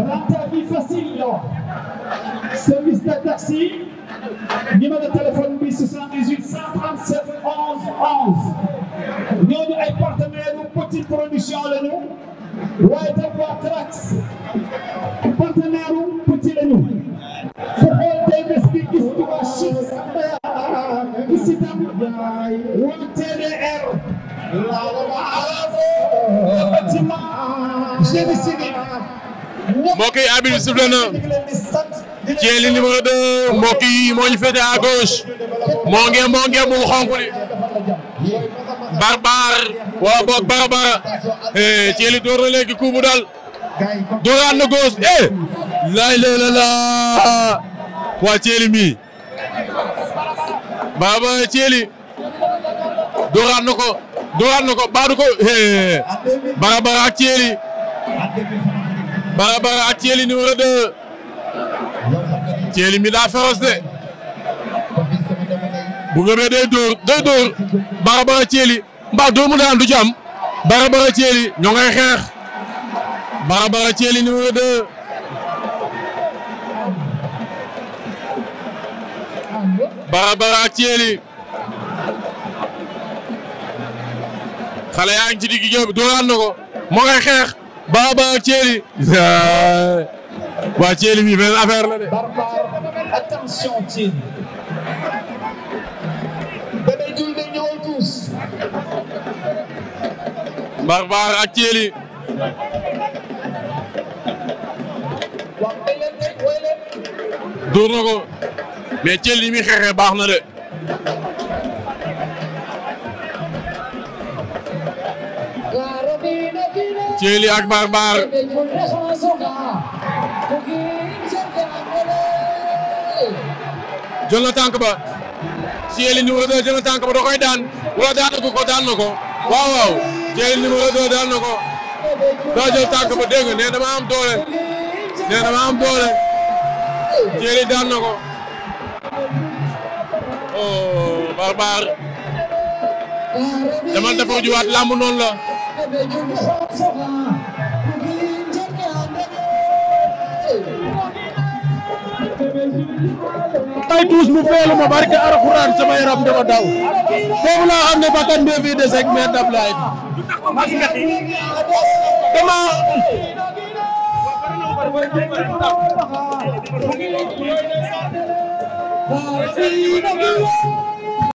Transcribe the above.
rentable facile la service de taxi numéro téléphone bi 78 137 11 11 ñooñu ay partenaires yu petite production la ñu waaye tam waa Trax partenaire yu petit la ñu su xool tey bés bi gis nga waa Chine gis itam waa TDR la la la ci ma génie civil mbokk yi arbitre bi sifflé na Thiely numéro 2 mbokk yi moo ñu féete à gauche moo ngi mu xonk li barbar waa boog barabara eh Thiely door na léegi dal dooraat na gauche eh lay la la waa Thiely mi baba Thiely dooraat na ko eh! barabara ak Thiely Barabara ak Thiely numéro 2 Thiely mi daa féroce de bu ngëmee day dóor day dóor Barabara Thiely doomu daan du ci am Barabara Thiely ñoo ngay xeex Barabara Thiely numéro 2 Barabara ak Thiely xale yaa ngi ci digg géew bi Baba Thielly waa Thielly bi beneen affaire la de. attention Thielly. Bébé Diouldé ñëwal tous. mais Thielly mi xeexee baax na Thiely ak Barbar jël na tànk ba Thiely numéro 2 jël na tànk ba da koy daan wala daan na ko daan na ko waaw waaw Thiely numéro 2 daan na ko daa jël tànk ba dégg nga nee dama am doole nee dama am doole Thiely daan na ko oh Barbar dama defar juwaat làmb noonu la. ay tuus mu feelu ma barke alxuraan sama yaram dafa daw foofu laa xam ne bakkan bi fii des ak mais daf laay dama Thank you.